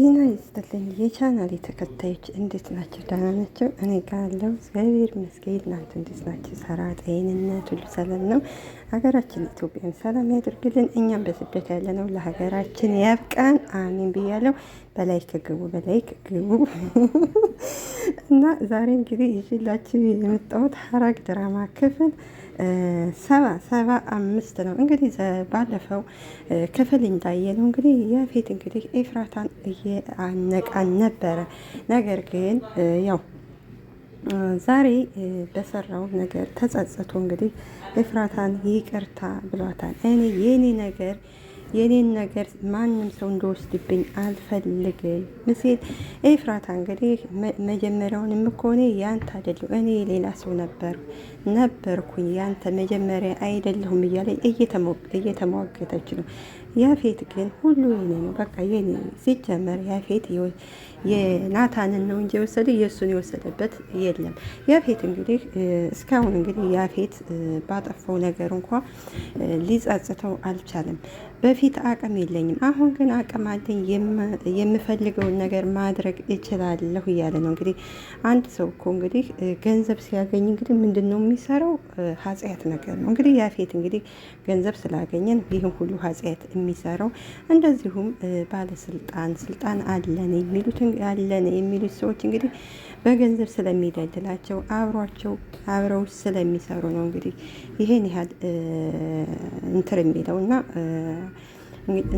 ጤና ይስጥልኝ የቻናል ተከታዮች እንዴት ናቸው? ደህና ናቸው? እኔ ጋር አለው እግዚአብሔር ይመስገን። እናንተ እንዴት ናቸው? ሰራ፣ ጤንነት ሁሉ ሰላም ነው። ሀገራችን ኢትዮጵያን ሰላም ያድርግልን። እኛም በስደት ያለ ነው ለሀገራችን ያብቃን። አሚን ብያለው። በላይክ ግቡ፣ በላይክ ግቡ። እና ዛሬ እንግዲህ ይዤላችሁ የመጣሁት ሐረግ ድራማ ክፍል ሰባ ሰባ አምስት ነው። እንግዲህ ባለፈው ክፍል እንዳየ ነው እንግዲህ የፊት እንግዲህ ኤፍራታን እየአነቃን ነበረ። ነገር ግን ያው ዛሬ በሰራው ነገር ተጸጽቶ እንግዲህ ኤፍራታን ይቅርታ ብሏታል። እኔ የኔ ነገር የኔን ነገር ማንም ሰው እንደወስድብኝ አልፈልግም ምስል ኤፍራታ እንግዲህ መጀመሪያውንም እኮ ያንተ አይደለሁ እኔ ሌላ ሰው ነበር ነበርኩኝ ያንተ መጀመሪያ አይደለሁም እያለ እየተሟገተች ነው። ያፌት ግን ሁሉ የኔ ነው በቃ የኔ ሲጀመር ያፌት የናታንን ነው እንጂ የወሰደ የእሱን የወሰደበት የለም። ያፌት እንግዲህ እስካሁን እንግዲህ ያፌት ባጠፋው ነገር እንኳ ሊጸጽተው አልቻለም። በፊት አቅም የለኝም፣ አሁን ግን አቅም አለኝ፣ የምፈልገውን ነገር ማድረግ እችላለሁ እያለ ነው እንግዲህ። አንድ ሰው እኮ እንግዲህ ገንዘብ ሲያገኝ እንግዲህ ምንድን ነው የሚሰራው? ኃጢአት ነገር ነው እንግዲህ። ያፌት እንግዲህ ገንዘብ ስላገኘን ነው ይህን ሁሉ ኃጢአት የሚሰራው። እንደዚሁም ባለስልጣን ስልጣን አለን የሚሉትን ያለን የሚሉት ሰዎች እንግዲህ በገንዘብ ስለሚደልላቸው አብሯቸው አብረው ስለሚሰሩ ነው እንግዲህ ይሄን ያህል እንትር የሚለው እና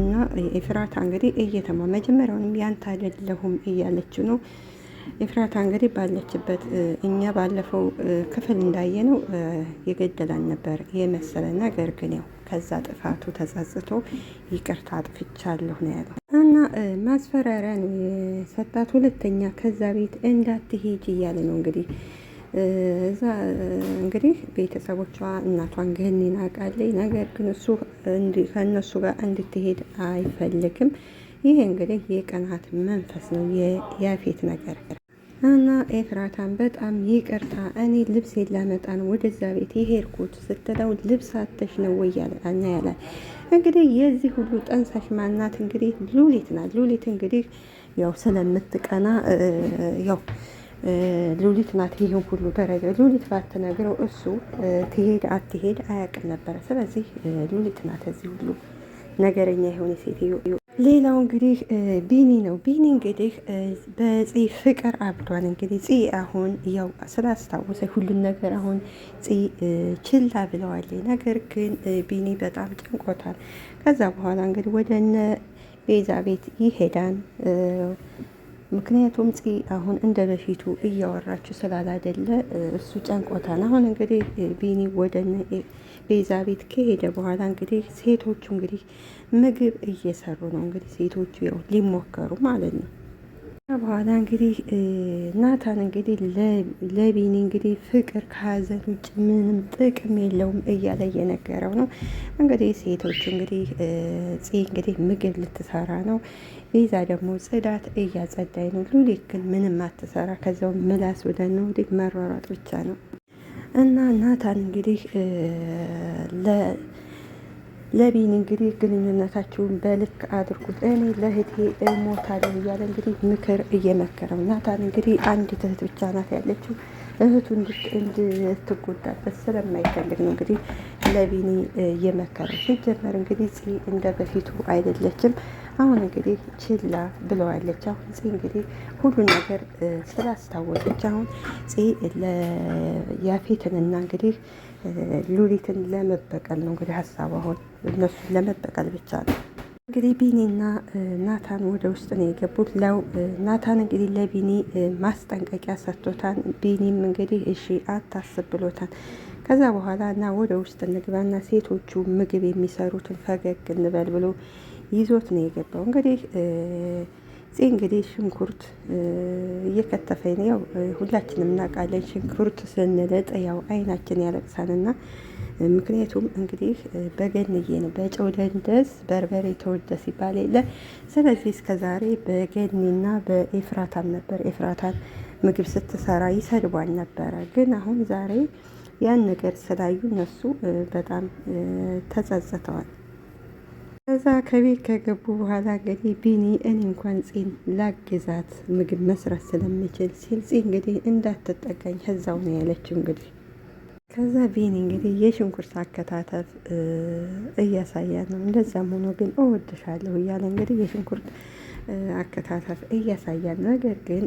እና ኤፍራታ እንግዲህ እየተማ መጀመሪያውንም ያንተ አይደለሁም እያለችው ነው። ኤፍራታ እንግዲህ ባለችበት እኛ ባለፈው ክፍል እንዳየነው የገደላን ነበር የመሰለ ነገር ግን ያው ከዛ ጥፋቱ ተጸጽቶ ይቅርታ አጥፍቻለሁ ነው ያለው። እና ማስፈራሪያ ነው የሰጣት። ሁለተኛ ከዛ ቤት እንዳትሄጅ እያለ ነው እንግዲህ እዛ እንግዲህ ቤተሰቦቿ እናቷን ግን ይናቃለይ። ነገር ግን እሱ ከእነሱ ጋር እንድትሄድ አይፈልግም። ይህ እንግዲህ የቀናት መንፈስ ነው የያፌት ነገር እና ኤፍራታን በጣም ይቅርታ፣ እኔ ልብስ የላመጣ ነው ወደዛ ቤት የሄድኩት ስትለው ልብስ አተሽ ነው ወያለ እና ያላል እንግዲህ የዚህ ሁሉ ጠንሳሽ ማናት? እንግዲህ ሉሊት ናት። ሉሊት እንግዲህ ያው ስለምትቀና ያው ሉሊት ናት። ይህን ሁሉ ደረጃ ሉሊት ባትነግረው እሱ ትሄድ አትሄድ አያውቅም ነበረ። ስለዚህ ሉሊት ናት እዚህ ሁሉ ነገረኛ የሆነ ሴትዮ ሌላው እንግዲህ ቢኒ ነው። ቢኒ እንግዲህ በፂ ፍቅር አብዷል። እንግዲህ ፂ አሁን ያው ስላስታወሰ ሁሉን ነገር አሁን ፂ ችላ ብለዋል። ነገር ግን ቢኒ በጣም ጨንቆታል። ከዛ በኋላ እንግዲህ ወደ እነ ቤዛ ቤት ይሄዳል። ምክንያቱም ፂ አሁን እንደ በፊቱ እያወራችሁ ስላላደለ እሱ ጨንቆታል። አሁን እንግዲህ ቢኒ ወደ ቤዛ ቤት ከሄደ በኋላ እንግዲህ ሴቶቹ እንግዲህ ምግብ እየሰሩ ነው። እንግዲህ ሴቶቹ ያው ሊሞከሩ ማለት ነው። በኋላ እንግዲህ ናታን እንግዲህ ለቢኒ እንግዲህ ፍቅር ከሀዘን ውጭ ምንም ጥቅም የለውም እያለ እየነገረው ነው። እንግዲህ ሴቶቹ እንግዲህ ጽ እንግዲህ ምግብ ልትሰራ ነው። ቤዛ ደግሞ ጽዳት እያጸዳይ ነው። ሉሊት ግን ምንም አትሰራ። ከዚያው ምላስ ወደ ነው መሯሯጥ ብቻ ነው። እና ናታን እንግዲህ ለቢን እንግዲህ ግንኙነታችሁን በልክ አድርጉት፣ እኔ ለእህቴ እሞታለሁ እያለ እንግዲህ ምክር እየመከረው ናታን እንግዲህ አንድ እህት ብቻ ናት ያለችው እህቱ እንድትጎዳበት ስለማይፈልግ ነው እንግዲህ ለቢኒ የመከረ ሲጀመር እንግዲህ ጽ እንደ በፊቱ አይደለችም። አሁን እንግዲህ ችላ ብለዋለች። አሁን ጽ እንግዲህ ሁሉ ነገር ስላስታወቀች አሁን ጽ ያፌትንና እንግዲህ ሉሊትን ለመበቀል ነው እንግዲህ ሀሳቡ አሁን እነሱን ለመበቀል ብቻ ነው። እንግዲህ ቢኒና ናታን ወደ ውስጥ ነው የገቡት። ለው ናታን እንግዲህ ለቢኒ ማስጠንቀቂያ ሰጥቶታል። ቢኒም እንግዲህ እሺ አታስብ ብሎታል። ከዛ በኋላ እና ወደ ውስጥ እንግባና ሴቶቹ ምግብ የሚሰሩትን ፈገግ እንበል ብሎ ይዞት ነው የገባው እንግዲህ እዚህ እንግዲህ ሽንኩርት እየከተፈኝ ነው። ያው ሁላችንም እናውቃለን ሽንኩርት ስንልጥ ያው አይናችን ያለቅሳልና ምክንያቱም እንግዲህ በገንዬ ነው በጨው ደንደስ በርበሬ ተወደ ሲባል የለ። ስለዚህ እስከ ዛሬ በገኒና በኤፍራታም ነበር። ኤፍራታን ምግብ ስትሰራ ይሰድቧል ነበረ። ግን አሁን ዛሬ ያን ነገር ስላዩ እነሱ በጣም ተጸጽተዋል። ከዛ ከቤት ከገቡ በኋላ እንግዲህ ቢኒ እኔ እንኳን ፂን ላግዛት ምግብ መስራት ስለምችል ሲል ፂ እንግዲህ እንዳትጠጋኝ ከዛው ነው ያለችው እንግዲህ ከዛ ቢኒ እንግዲህ የሽንኩርት አከታተፍ እያሳያ ነው። እንደዛም ሆኖ ግን እወድሻለሁ እያለ እንግዲህ የሽንኩርት አከታተፍ እያሳያት፣ ነገር ግን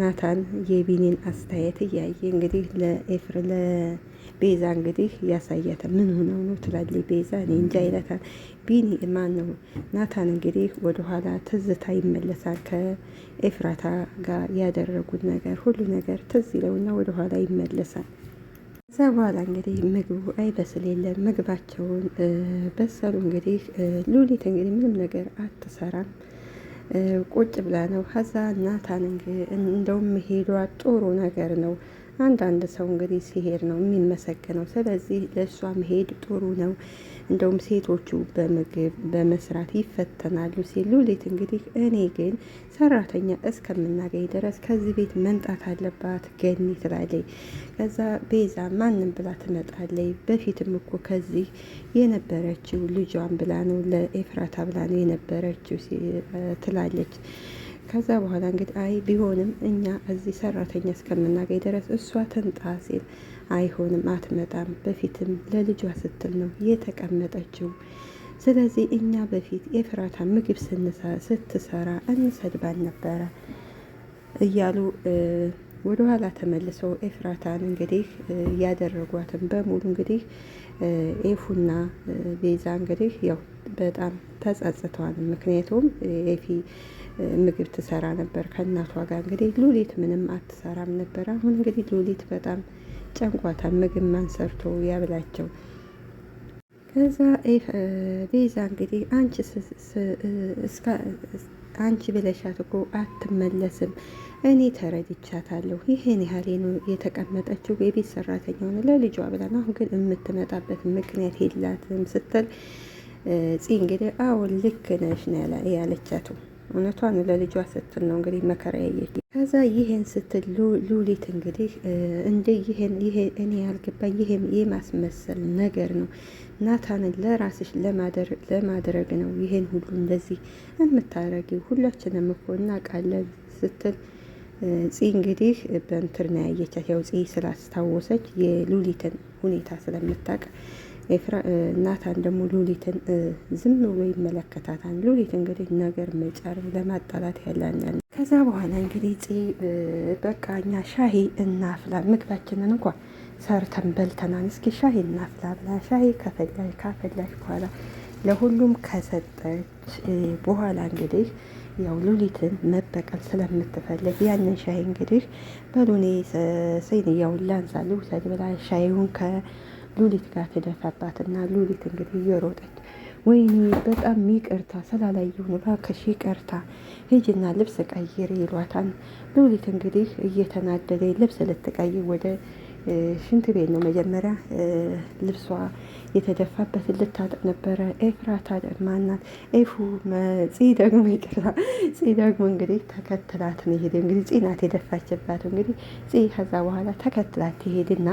ናታን የቢኒን አስተያየት እያየ እንግዲህ ለኤፍር ቤዛ እንግዲህ ያሳያት ምን ሆነው ነው ትላለች ቤዛ። እኔ እንጃ ይላታል። ቢኒ ማን ነው ናታን እንግዲህ ወደኋላ ትዝታ ይመለሳል። ከኤፍራታ ጋር ያደረጉት ነገር ሁሉ ነገር ትዝ ይለውና ወደኋላ ይመለሳል። ከዛ በኋላ እንግዲህ ምግቡ አይበስል የለም ምግባቸውን በሰሉ። እንግዲህ ሉሊት እንግዲህ ምንም ነገር አትሰራም። ቁጭ ብላ ነው። ከዛ ናታን እንደውም ሄዷ ጥሩ ነገር ነው አንዳንድ ሰው እንግዲህ ሲሄድ ነው የሚመሰገነው። ስለዚህ ለእሷ መሄድ ጥሩ ነው። እንደውም ሴቶቹ በምግብ በመስራት ይፈተናሉ ሲሉ ሉሊት እንግዲህ እኔ ግን ሰራተኛ እስከምናገኝ ድረስ ከዚህ ቤት መምጣት አለባት ገኒ ትላለች። ከዛ ቤዛ ማንም ብላ ትመጣለች። በፊትም እኮ ከዚህ የነበረችው ልጇን ብላ ነው ለኤፍራታ ብላ ነው የነበረችው ትላለች። ከዛ በኋላ እንግዲህ አይ ቢሆንም እኛ እዚህ ሰራተኛ እስከምናገኝ ድረስ እሷ ትንጣ ሲል አይሆንም፣ አትመጣም። በፊትም ለልጇ ስትል ነው የተቀመጠችው። ስለዚህ እኛ በፊት የፍራታ ምግብ ስትሰራ እንሰድባን ነበረ እያሉ ወደ ኋላ ተመልሰው ኤፍራታን እንግዲህ ያደረጓትን በሙሉ እንግዲህ ኤፉና ቤዛ እንግዲህ ያው በጣም ተጸጽተዋል። ምክንያቱም ኤፊ ምግብ ትሰራ ነበር ከእናቷ ጋር። እንግዲህ ሉሊት ምንም አትሰራም ነበር። አሁን እንግዲህ ሉሊት በጣም ጨንቋታል። ምግብ ማን ሰርቶ ያብላቸው? ከዛ ቤዛ እንግዲህ አንቺ አንቺ ብለሻት እኮ አትመለስም። እኔ ተረድቻታለሁ። ይህን ያህል የተቀመጠችው የቤት ሰራተኛውን ለልጇ ብለን፣ አሁን ግን የምትመጣበት ምክንያት የላትም ስትል ጺ እንግዲህ አሁን ልክ ነሽ ያለቻቱ። እውነቷን ለልጇ ስትል ነው እንግዲህ መከራ ያየች። ከዛ ይሄን ስትል ሉሊት እንግዲህ እንደ ይሄ እኔ ያልገባኝ ይሄ የማስመሰል ነገር ነው። ናታንን ለራስሽ ለማድረግ ነው ይሄን ሁሉ እንደዚህ የምታረጊው ሁላችንም እኮ እናውቃለን ስትል ፂ እንግዲህ በእንትን ነው ያየቻት። ያው ፂ ስላስታወሰች የሉሊትን ሁኔታ ስለምታውቅ ናታን ደግሞ ሉሊትን ዝም ብሎ ይመለከታታል። ሉሊት እንግዲህ ነገር መጫር ለማጣላት ያላኛል። ከዛ በኋላ እንግዲህ ጽ በቃ እኛ ሻሂ እናፍላ ምግባችንን እንኳ ሰርተን በልተናን፣ እስኪ ሻሂ እናፍላ ብላ ሻሂ ከፈላሽ ካፈላሽ በኋላ ለሁሉም ከሰጠች በኋላ እንግዲህ ያው ሉሊትን መበቀል ስለምትፈልግ ያንን ሻይ እንግዲህ በሉኔ ሰይን ሰይንያውን ላንሳ ልውሰድ ብላ ሻይውን ሉሊት ጋር ተደፋባትና ሉሊት እንግዲህ እየሮጠች ወይኔ በጣም ይቅርታ ስላላየሁ ነው እባክሽ ይቅርታ፣ ሂጂና ልብስ ቀይር ይሏታል። ሉሊት እንግዲህ እየተናደደ ልብስ ልትቀይር ወደ ሽንት ቤት ነው መጀመሪያ ልብሷ የተደፋበትን ልታጥብ ነበረ። ኤፍራታ ማናት ኤፉ መጽ ደግሞ ይቅርታ ጽ ደግሞ እንግዲህ ተከትላት ነው ይሄድ እንግዲህ ጽናት የደፋችባት እንግዲህ ጽ ከዛ በኋላ ተከትላት ትሄድና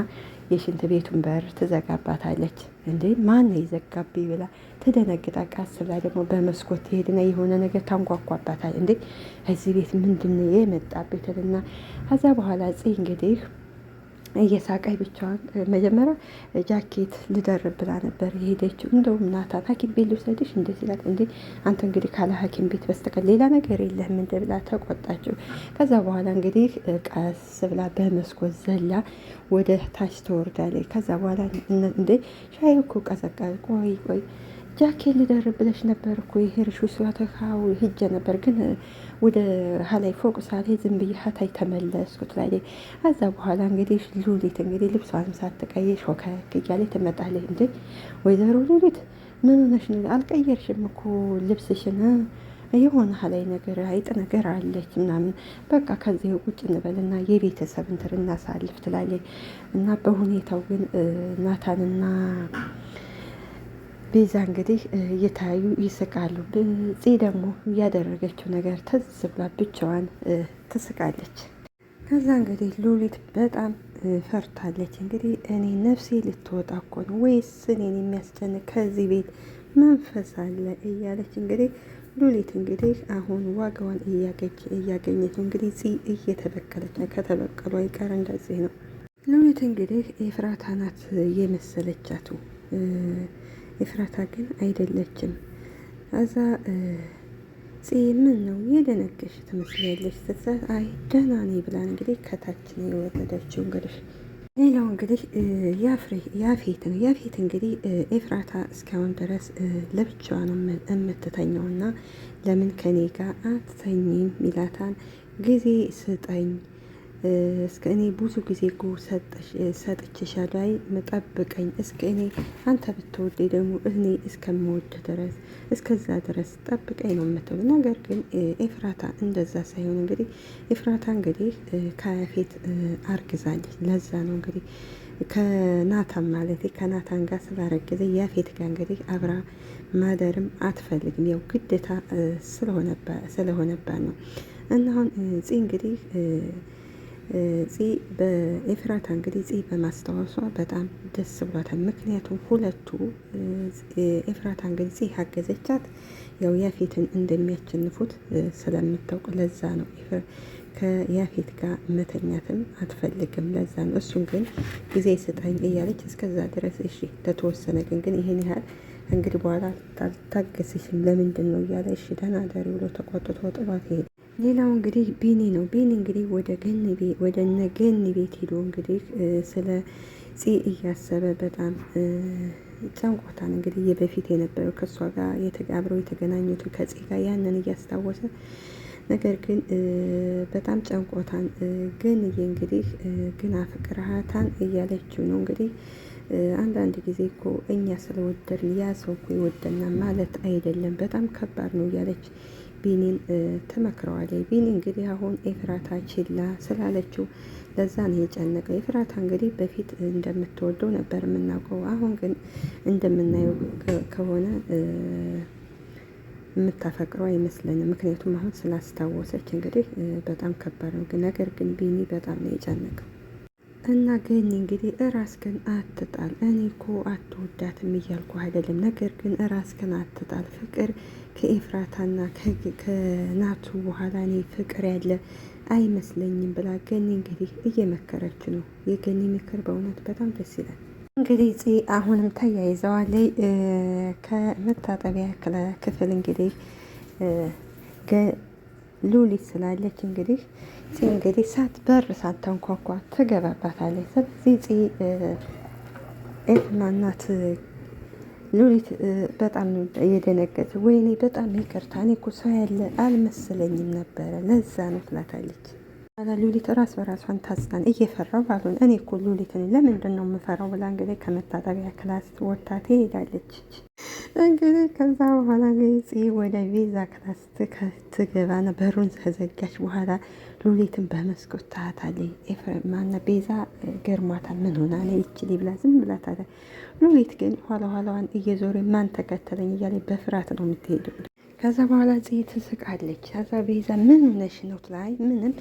የሽንት ቤቱን በር ትዘጋባታለች። እንዴ ማን ነው የዘጋቢ ብላ ትደነግጣ፣ ቃስ ብላ ደግሞ በመስኮት ትሄድና የሆነ ነገር ታንኳኳባታል። እንዴ እዚህ ቤት ምንድን የመጣ ቤትልና ከዛ በኋላ ጽ እንግዲህ እየሳቀይ ብቻዋን መጀመሪያ ጃኬት ልደርብ ብላ ነበር የሄደችው። እንደውም ናታን ሐኪም ቤት ልውሰድሽ እንደ ሲላት እንዴ አንተ እንግዲህ ካለ ሐኪም ቤት በስተቀር ሌላ ነገር የለህም እንደ ብላ ተቆጣችው። ከዛ በኋላ እንግዲህ ቀስ ብላ በመስኮት ዘላ ወደ ታች ተወርዳለች። ከዛ በኋላ እንደ ሻይ እኮ ቀዘቀዝ ቆይ ቆይ ጃኬት ሊደርብ ብለሽ ነበር እኮ የሄድሽው ስላተካው ሂጀ ነበር ግን ወደ ሀላይ ፎቅ ሳሌ ዝም ብዬ ሀታይ ተመለስኩ ትላለች። ከዛ በኋላ እንግዲህ ሉሊት እንግዲህ ልብሷንም ሳትቀይር ሾከክ እያለች ትመጣለች። እንዴ ወይዘሮ ሉሊት ምን ሆነሽ ነው? አልቀየርሽም እኮ ልብስሽን የሆነ ሀላይ ነገር አይጥ ነገር አለች ምናምን በቃ ከዚህ ቁጭ እንበልና የቤተሰብ እንትር እናሳልፍ ትላለች። እና በሁኔታው ግን ናታንና ቤዛ እንግዲህ እየታዩ ይስቃሉ። ጽ ደግሞ ያደረገችው ነገር ትዝ ብላ ብቻዋን ትስቃለች። ከዛ እንግዲህ ሉሊት በጣም ፈርታለች። እንግዲህ እኔ ነፍሴ ልትወጣ እኮ ነው ወይስ እኔን የሚያስጨንቅ ከዚህ ቤት መንፈስ አለ እያለች እንግዲህ ሉሊት እንግዲህ አሁን ዋጋዋን እያገኘች እንግዲህ ጽ እየተበቀለች ነው። ከተበቀሉ አይቀር እንደዚህ ነው። ሉሊት እንግዲህ የፍራታናት የመሰለቻቱ ኤፍራታ ግን አይደለችም። አዛ ጽ ምን ነው የደነገሽ ትመስላለች ስትላት አይ ደህና ነኝ ብላ እንግዲህ ከታች ነው የወረደችው። እንግዲህ ሌላው እንግዲህ ያፌት ነው። ያፌት እንግዲህ ኤፍራታ እስካሁን ድረስ ለብቻዋ ነው እና ለምን ከኔ ጋር አትተኝም ሚላታን ጊዜ ስጠኝ እስከ እኔ ብዙ ጊዜ እኮ ሰጥቼሻለሁ፣ ላይ መጠብቀኝ እስከ እኔ አንተ ብትወደኝ ደግሞ እኔ እስከምወድ ድረስ እስከዛ ድረስ ጠብቀኝ ነው የምትለው። ነገር ግን ኤፍራታ እንደዛ ሳይሆን እንግዲህ ኤፍራታ እንግዲህ ከያፌት አርግዛለች። ለዛ ነው እንግዲህ ከናታን ማለት ከናታን ጋር ስላረገዘ ያፌት ጋር እንግዲህ አብራ ማደርም አትፈልግም። ያው ግዴታ ስለሆነባ ነው እና አሁን እንግዲህ በኤፍራታ እንግዲህ ጽ በማስታወሷ በጣም ደስ ብሏታል። ምክንያቱም ሁለቱ ኤፍራታ እንግዲህ ጽ ያገዘቻት ያው ያፌትን እንደሚያቸንፉት ስለምታውቅ ለዛ ነው ከያፌት ጋር መተኛትም አትፈልግም። ለዛ ነው እሱን ግን ጊዜ ስጠኝ እያለች እስከዛ ድረስ እሺ ለተወሰነ ግን ግን ይሄን ያህል እንግዲህ በኋላ ታገስሽም ለምንድን ነው እያለ እሺ ደህና ደሪ ብሎ ተቆጥቶ ጥሏት ይሄዳል። ሌላው እንግዲህ ቢኒ ነው። ቢኒ እንግዲህ ወደ ገኒ ቤት ወደ እነ ገኒ ቤት ሄዶ እንግዲህ ስለ ጽ እያሰበ በጣም ጨንቆታል። እንግዲህ የበፊት የነበረው ከእሷ ጋር የተጋብረው የተገናኙት ከጽ ጋር ያንን እያስታወሰ ነገር ግን በጣም ጨንቆታን። ግን እንግዲህ ግን አፍቅርሃታን እያለችው ነው እንግዲህ አንዳንድ ጊዜ እኮ እኛ ስለወደድን ያ ሰው እኮ ይወደናል ማለት አይደለም፣ በጣም ከባድ ነው እያለች ቢኒን ትመክረዋለች። ቢኒ እንግዲህ አሁን ኤፍራታ ችላ ስላለችው ለዛ ነው የጨነቀው። ኤፍራታ እንግዲህ በፊት እንደምትወደው ነበር የምናውቀው። አሁን ግን እንደምናየው ከሆነ የምታፈቅረው አይመስለንም። ምክንያቱም አሁን ስላስታወሰች እንግዲህ በጣም ከባድ ነው። ነገር ግን ቢኒ በጣም ነው የጨነቀው። እና ግን እንግዲህ እራስህን አትጣል። እኔ እኮ አትወዳትም እያልኩ አይደለም፣ ነገር ግን እራስህን አትጣል ፍቅር ከኤፍራታና ከናቱ በኋላ እኔ ፍቅር ያለ አይመስለኝም ብላ ገኒ እንግዲህ እየመከረች ነው። የገኒ ምክር በእውነት በጣም ደስ ይላል። እንግዲህ ጽ አሁንም ተያይዘዋለይ ከመታጠቢያ ክፍል እንግዲህ ሉሊት ስላለች እንግዲህ ጽ እንግዲህ ሳት በር ሳታንኳኳ ትገባባታለች። ስለዚህ ጽ ኤፍና እናት ሉሊት በጣም እየደነገጠ ወይኔ በጣም ይቅርታ እኔ እኮ ሰው ያለ አልመሰለኝም ነበረ ለዛ ነው ትላታለች። አላ ሉሊት ራስ በራሷን ታዝናን እየፈራው ባሉን እኔ እኮ ሉሊትን ለምንድን ነው የምፈራው ብላ እንግዲህ ከመታጠቢያ ክላስ ወጥታ ትሄዳለች። እንግዲህ ከዛ በኋላ እንግዲህ ወደ ቤዛ ክላስ ትገባና በሩን ከዘጋች በኋላ ሉሊትን በመስኮት ታያታለች። ኤፍሬምና ቤዛ ገርሟታል። ምን ሆና ነው ይችል ብላ ዝም ብላ ታያታለች። ሉሊት ግን ኋላ ኋላዋን እየዞረ ማን ተከተለኝ እያለች በፍርሃት ነው የምትሄደው። ከዛ በኋላ ጽይ ትስቃለች። ከዛ ቤዛ ምን ሆነሽ ነው ትላይ ምንም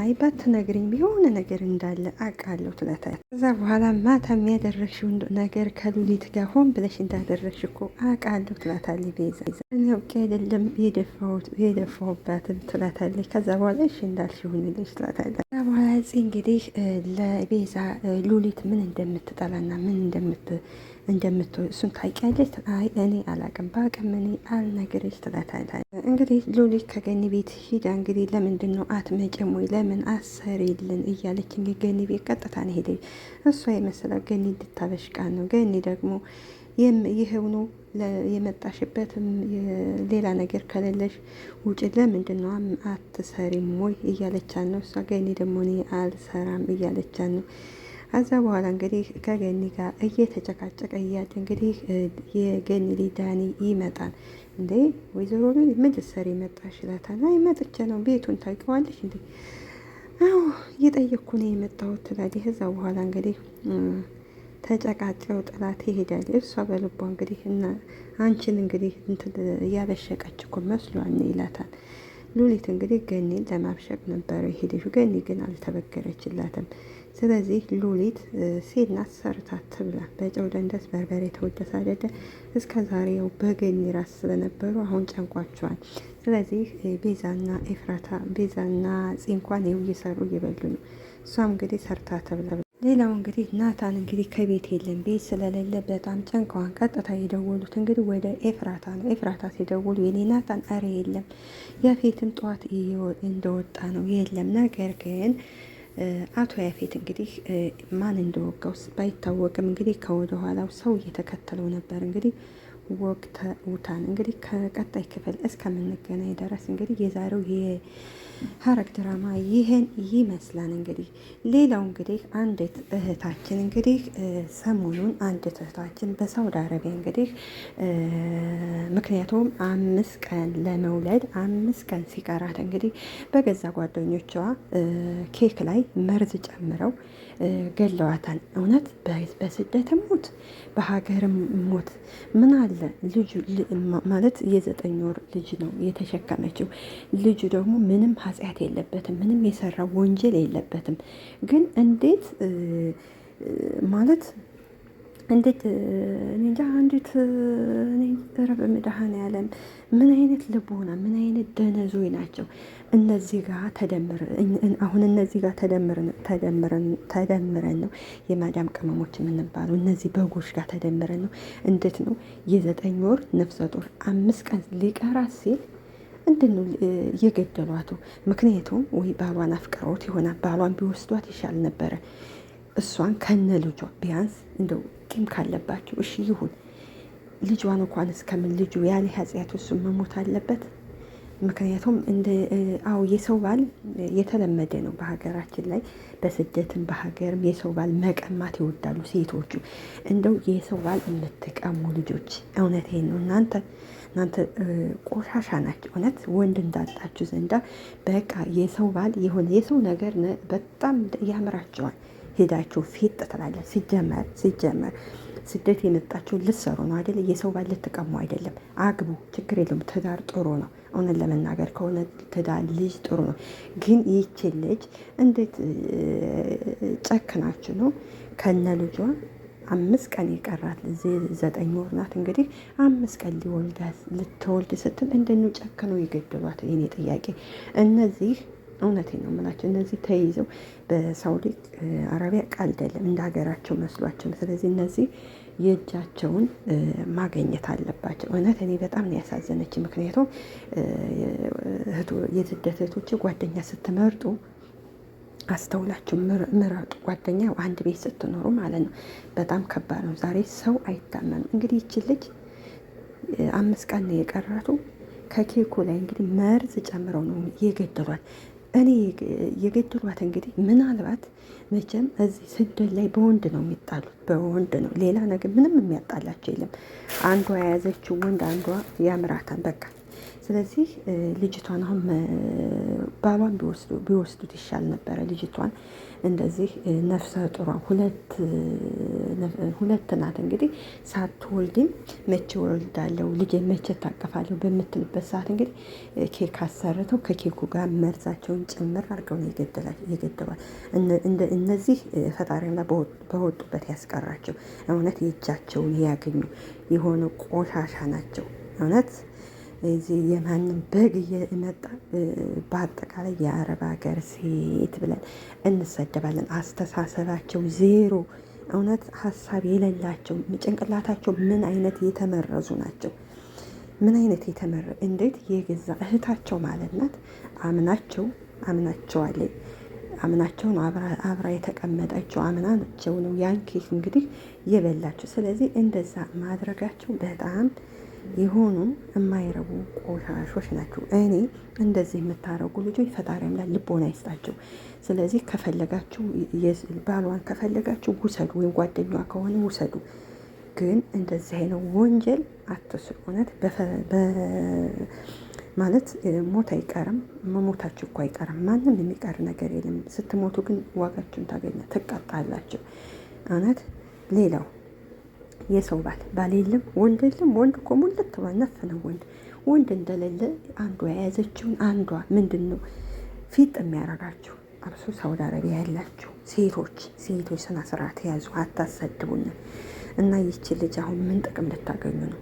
አይ ባትነግሪኝ የሆነ ነገር እንዳለ አውቃለሁ ትላታለች። ከዛ በኋላ ማታ የሚያደረግሽው ነገር ከሉሊት ጋር ሆን ብለሽ እንዳደረግሽ እኮ አውቃለሁ ትላታለች። ቤዛ እኔ አውቄ አይደለም የደፋሁባትም ትላታለች። ከዛ በኋላ እሺ እንዳልሽ ይሁንልሽ ትላታለች። ከዛ በኋላ ጽይ እንግዲህ ለቤዛ ሉሊት ምን እንደምትጠላና ምን እንደምት እንደምትሆን እሱን ታውቂያለሽ? አይ እኔ አላቅም በአቅም እኔ አልነገረች ትላታለች። እንግዲህ ሉሊት ከገኒ ቤት ሂዳ እንግዲህ ለምንድን ነው አትመጭም ወይ ለምን አሰሪልን እያለች እንግዲህ ገኒ ቤት ቀጥታ ነው ሄደች። እሷ የመሰላት ገኒ እንድታበሽቃ ነው። ገኒ ደግሞ ይህውኑ የመጣሽበት ሌላ ነገር ከሌለሽ ውጭ ለምንድን ነው አትሰሪም ወይ እያለቻን ነው። እሷ ገኒ ደግሞ እኔ አልሰራም እያለቻን ነው ከዛ በኋላ እንግዲህ ከገኒ ጋር እየተጨቃጨቀ እያለ እንግዲህ የገኒ ሊዳኒ ይመጣል። እንዴ ወይዘሮ ግን ምን ልትሰሪ መጣሽ ይላታል። አይ መጥቼ ነው ቤቱን ታውቂዋለሽ እንዴ? አዎ እየጠየቅኩ ነው የመጣሁት ትላለች። ከዛ በኋላ እንግዲህ ተጨቃጨው ጥላት ይሄዳል። እሷ በልቧ እንግዲህ እና አንቺን እንግዲህ እንትን እያበሸቀች እኮ መስሏን ይላታል። ሉሊት እንግዲህ ገኒን ለማብሸቅ ነበረ የሄደችው። ገኒ ግን አልተበገረችላትም። ስለዚህ ሉሊት ሴት ናት ሰርታት ትብላ፣ በጨው ደንደስ በርበሬ ተወዳት አደደ። እስከ ዛሬ ያው በገኒ ራስ ስለነበሩ አሁን ጨንቋቸዋል። ስለዚህ ቤዛና ኤፍራታ ቤዛና ጽንኳን ይኸው እየሰሩ እየበሉ ነው። እሷም እንግዲህ ሰርታ ትብላ ሌላው እንግዲህ ናታን እንግዲህ ከቤት የለም። ቤት ስለሌለ በጣም ጨንቀዋን። ቀጥታ የደወሉት እንግዲህ ወደ ኤፍራታ ነው። ኤፍራታ ሲደውሉ የኔ ናታን አረ የለም፣ ያፌትም ጠዋት እንደወጣ ነው የለም። ነገር ግን አቶ ያፌት እንግዲህ ማን እንደወጋው ባይታወቅም እንግዲህ ከወደኋላው ሰው እየተከተለው ነበር እንግዲህ ወቅተውታል። እንግዲህ ከቀጣይ ክፍል እስከምንገናኝ ድረስ እንግዲህ የዛሬው የሐረግ ድራማ ይህን ይመስላል። እንግዲህ ሌላው እንግዲህ አንዲት እህታችን እንግዲህ ሰሞኑን አንዲት እህታችን በሳውዲ አረቢያ እንግዲህ ምክንያቱም አምስት ቀን ለመውለድ አምስት ቀን ሲቀራት እንግዲህ በገዛ ጓደኞቿ ኬክ ላይ መርዝ ጨምረው ገለዋታል። እውነት በስደት ሞት በሀገርም ሞት ምን አለ ልጁ ማለት የዘጠኝ ወር ልጅ ነው የተሸከመችው። ልጁ ደግሞ ምንም ኃጢአት የለበትም፣ ምንም የሰራ ወንጀል የለበትም። ግን እንዴት ማለት እንዴት እኔ አይነት ኧረ በመድኃኔዓለም ምን አይነት ልቦና ምን አይነት ደነዞይ ናቸው እነዚህ ጋር ተደምረን አሁን እነዚህ ጋር ተደምረን ነው የማዳም ቅመሞች የምንባለው እነዚህ በጎች ጋር ተደምረን ነው እንዴት ነው የዘጠኝ ወር ነፍሰ ጡር አምስት ቀን ሊቀራት ሲል እንድን ነው የገደሏቱ ምክንያቱም ወይ ባሏን አፍቅረውት ይሆናል ባሏን ቢወስዷት ይሻል ነበረ እሷን ከነ ልጇ ቢያንስ እንደው ቂም ካለባቸው እሺ ይሁን ልጇን እንኳን እስከምን ልጁ ያለ ኃጢአት እሱ መሞት አለበት። ምክንያቱም እንደ አዎ የሰው ባል የተለመደ ነው በሀገራችን ላይ በስደትም በሀገርም የሰው ባል መቀማት ይወዳሉ ሴቶቹ። እንደው የሰው ባል የምትቀሙ ልጆች እውነት ነው እናንተ እናንተ ቆሻሻ ናቸው። እውነት ወንድ እንዳጣችሁ ዘንዳ በቃ የሰው ባል የሆነ የሰው ነገር በጣም ያምራቸዋል። ሄዳችሁ ፌጥ ትላለ ሲጀመር ሲጀመር ስደት የመጣችሁ ልትሰሩ ነው አይደለ? የሰው ባል ልትቀሙ አይደለም። አግቡ፣ ችግር የለም። ትዳር ጥሩ ነው። እውነት ለመናገር ከሆነ ትዳር ልጅ ጥሩ ነው። ግን ይህች ልጅ እንዴት ጨክናችሁ ነው ከነ ልጇ አምስት ቀን የቀራት ዘጠኝ ወር ናት እንግዲህ አምስት ቀን ሊወልዳት ልትወልድ ስትል እንደኑ ጨክነው የገደሏት የኔ ጥያቄ እነዚህ እውነት ነው የምላቸው። እነዚህ ተይዘው በሳውዲ አረቢያ ቃል አይደለም እንደ ሀገራቸው መስሏቸው ነው። ስለዚህ እነዚህ የእጃቸውን ማገኘት አለባቸው። እውነት እኔ በጣም ነው ያሳዘነች። ምክንያቱም የስደት እህቶች ጓደኛ ስትመርጡ አስተውላችሁ ምረጡ። ጓደኛ አንድ ቤት ስትኖሩ ማለት ነው። በጣም ከባድ ነው። ዛሬ ሰው አይታመንም። እንግዲህ ይች ልጅ አምስት ቀን ነው የቀራቱ። ከኬኩ ላይ እንግዲህ መርዝ ጨምረው ነው የገደሏል። እኔ የገደሏት እንግዲህ ምናልባት መቼም እዚህ ስደት ላይ በወንድ ነው የሚጣሉት፣ በወንድ ነው። ሌላ ነገር ምንም የሚያጣላቸው የለም። አንዷ የያዘችው ወንድ አንዷ ያምራታን በቃ ስለዚህ ልጅቷን አሁን ባሏን ቢወስዱት ይሻል ነበረ ልጅቷን እንደዚህ ነፍሰ ጡሯ ሁለት ናት። እንግዲህ ሳትወልድም መቼ ወልዳለው ልጅ መቼ ታቀፋለሁ በምትልበት ሰዓት እንግዲህ ኬክ አሰርተው ከኬኩ ጋር መርዛቸውን ጭምር አድርገው ይገድባል። እነዚህ ፈጣሪና በወጡበት ያስቀራቸው እውነት የእጃቸውን ያገኙ የሆነ ቆሻሻ ናቸው እውነት እዚህ የማንም በግ እየመጣ በአጠቃላይ የአረብ ሀገር ሴት ብለን እንሰደባለን። አስተሳሰባቸው ዜሮ እውነት ሀሳብ የሌላቸው ጭንቅላታቸው ምን አይነት የተመረዙ ናቸው? ምን አይነት የተመረ እንዴት የገዛ እህታቸው ማለት ናት አምናቸው አምናቸዋለ አምናቸውን አብራ የተቀመጠችው አምናቸው ነው ያን ኬክ እንግዲህ የበላቸው። ስለዚህ እንደዛ ማድረጋቸው በጣም የሆኑ የማይረቡ ቆሻሾች ናቸው። እኔ እንደዚህ የምታረጉ ልጆች ፈጣሪ አምላክ ልቦና ይስጣቸው። ስለዚህ ከፈለጋችሁ ባሏን ከፈለጋችሁ ውሰዱ፣ ወይም ጓደኛዋ ከሆነ ውሰዱ። ግን እንደዚህ አይነት ወንጀል አትስሩ። እውነት ማለት ሞት አይቀርም፣ መሞታችሁ እኮ አይቀርም። ማንም የሚቀር ነገር የለም። ስትሞቱ ግን ዋጋችሁን ታገኛ ትቀጣላችሁ። እውነት ሌላው የሰው ባል ባል የለም ወንድ የለም። ወንድ እኮ ሙልት ነፍ ነው ወንድ ወንድ እንደሌለ አንዷ የያዘችውን አንዷ ምንድን ነው ፊት የሚያረጋችሁ አብሶ ሳውዲ አረቢያ ያላችሁ ሴቶች ሴቶች ስነ ስርዓት ያዙ፣ አታሰድቡን። እና ይቺ ልጅ አሁን ምን ጥቅም ልታገኙ ነው?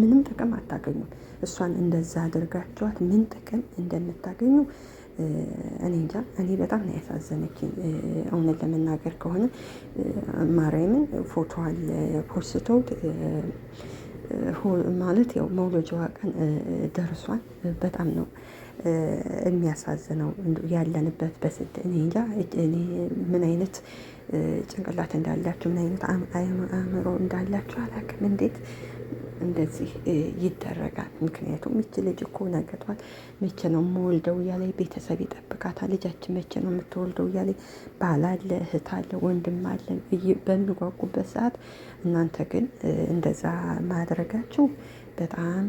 ምንም ጥቅም አታገኙም። እሷን እንደዛ አድርጋችኋት ምን ጥቅም እንደምታገኙ እኔ እንጃ እኔ በጣም ነው ያሳዘነችኝ። እውነት ለመናገር ከሆነ ማርያምን ፎቶዋን ፖስቶት ማለት ያው መውለጃዋ ቀን ደርሷል። በጣም ነው የሚያሳዝነው ያለንበት በስደት። እኔ እንጃ ምን አይነት ጭንቅላት እንዳላችሁ ምን አይነት አእምሮ እንዳላችሁ አላውቅም። እንዴት እንደዚህ ይደረጋል? ምክንያቱም ይች ልጅ እኮ ነገቷል። መቼ ነው የምወልደው እያለ ቤተሰብ ይጠብቃታል። ልጃችን መቼ ነው የምትወልደው እያለ ባል አለ፣ እህት አለ፣ ወንድም አለ በሚጓጉበት ሰዓት እናንተ ግን እንደዛ ማድረጋችሁ በጣም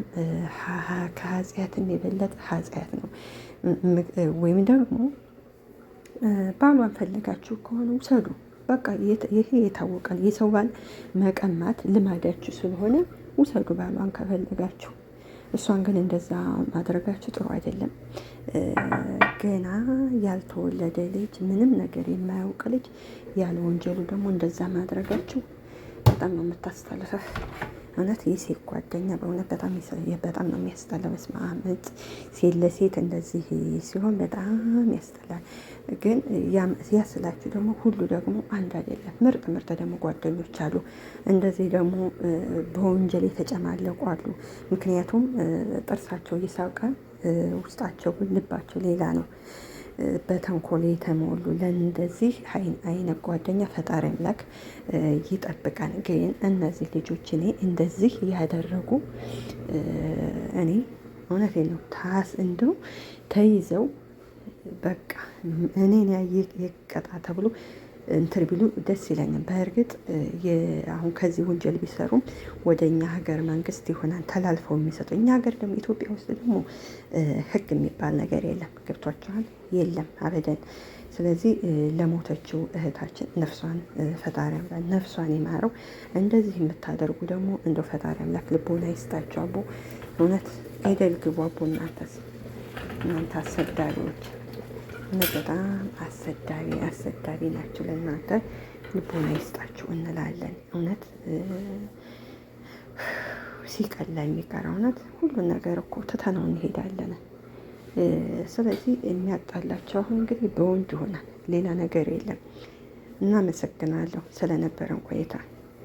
ከኃጢአትም የበለጠ ኃጢአት ነው። ወይም ደግሞ ባሏን ፈልጋችሁ ከሆነ ውሰዱ። በቃ ይሄ የታወቀ ነው። የሰው ባል መቀማት ልማዳችሁ ስለሆነ ውሰዱ ባሏን ከፈለጋችሁ። እሷን ግን እንደዛ ማድረጋችሁ ጥሩ አይደለም። ገና ያልተወለደ ልጅ ምንም ነገር የማያውቅ ልጅ ያለ ወንጀሉ ደግሞ እንደዛ ማድረጋችሁ በጣም ነው የምታስተልፈፍ። እውነት ይህ ሴት ጓደኛ በእውነት በጣም በጣም ነው የሚያስጠላ። በስመ አብ ሴት ለሴት እንደዚህ ሲሆን በጣም ያስጠላል። ግን ያስላችሁ ደግሞ ሁሉ ደግሞ አንድ አይደለም። ምርጥ ምርጥ ደግሞ ጓደኞች አሉ። እንደዚህ ደግሞ በወንጀል የተጨማለቁ አሉ። ምክንያቱም ጥርሳቸው እየሳቀ ውስጣቸው ልባቸው ሌላ ነው። በተንኮል የተሞሉ ለእንደዚህ አይነት ጓደኛ ፈጣሪ አምላክ ይጠብቃል። ግን እነዚህ ልጆች እኔ እንደዚህ ያደረጉ እኔ እውነቴ ነው ታስ እንደው ተይዘው በቃ እኔን ያየ ይቀጣ ተብሎ እንትን ቢሉ ደስ ይለኛል። በእርግጥ አሁን ከዚህ ወንጀል ቢሰሩም ወደ እኛ ሀገር መንግስት ይሆናል ተላልፈው የሚሰጡ። እኛ ሀገር ደግሞ ኢትዮጵያ ውስጥ ደግሞ ህግ የሚባል ነገር የለም። ገብቷችኋል? የለም አበደን። ስለዚህ ለሞተችው እህታችን ነፍሷን ፈጣሪ አምላክ ነፍሷን ይማረው። እንደዚህ የምታደርጉ ደግሞ እንደው ፈጣሪ አምላክ ልቦና ይስጣቸው። አቦ እውነት አይደል ግቡ። አቦ እናንተስ እናንተ አሰዳሪዎች እውነት በጣም አሰዳቢ አሰዳቢ ናቸው። ለእናንተ ልቦና ይስጣችሁ እንላለን። እውነት ሲቀላ የሚቀር እውነት ሁሉን ነገር እኮ ትተነው እንሄዳለን። ስለዚህ የሚያጣላቸው አሁን እንግዲህ በወንድ ይሆናል፣ ሌላ ነገር የለም። እናመሰግናለሁ ስለነበረን ቆይታ።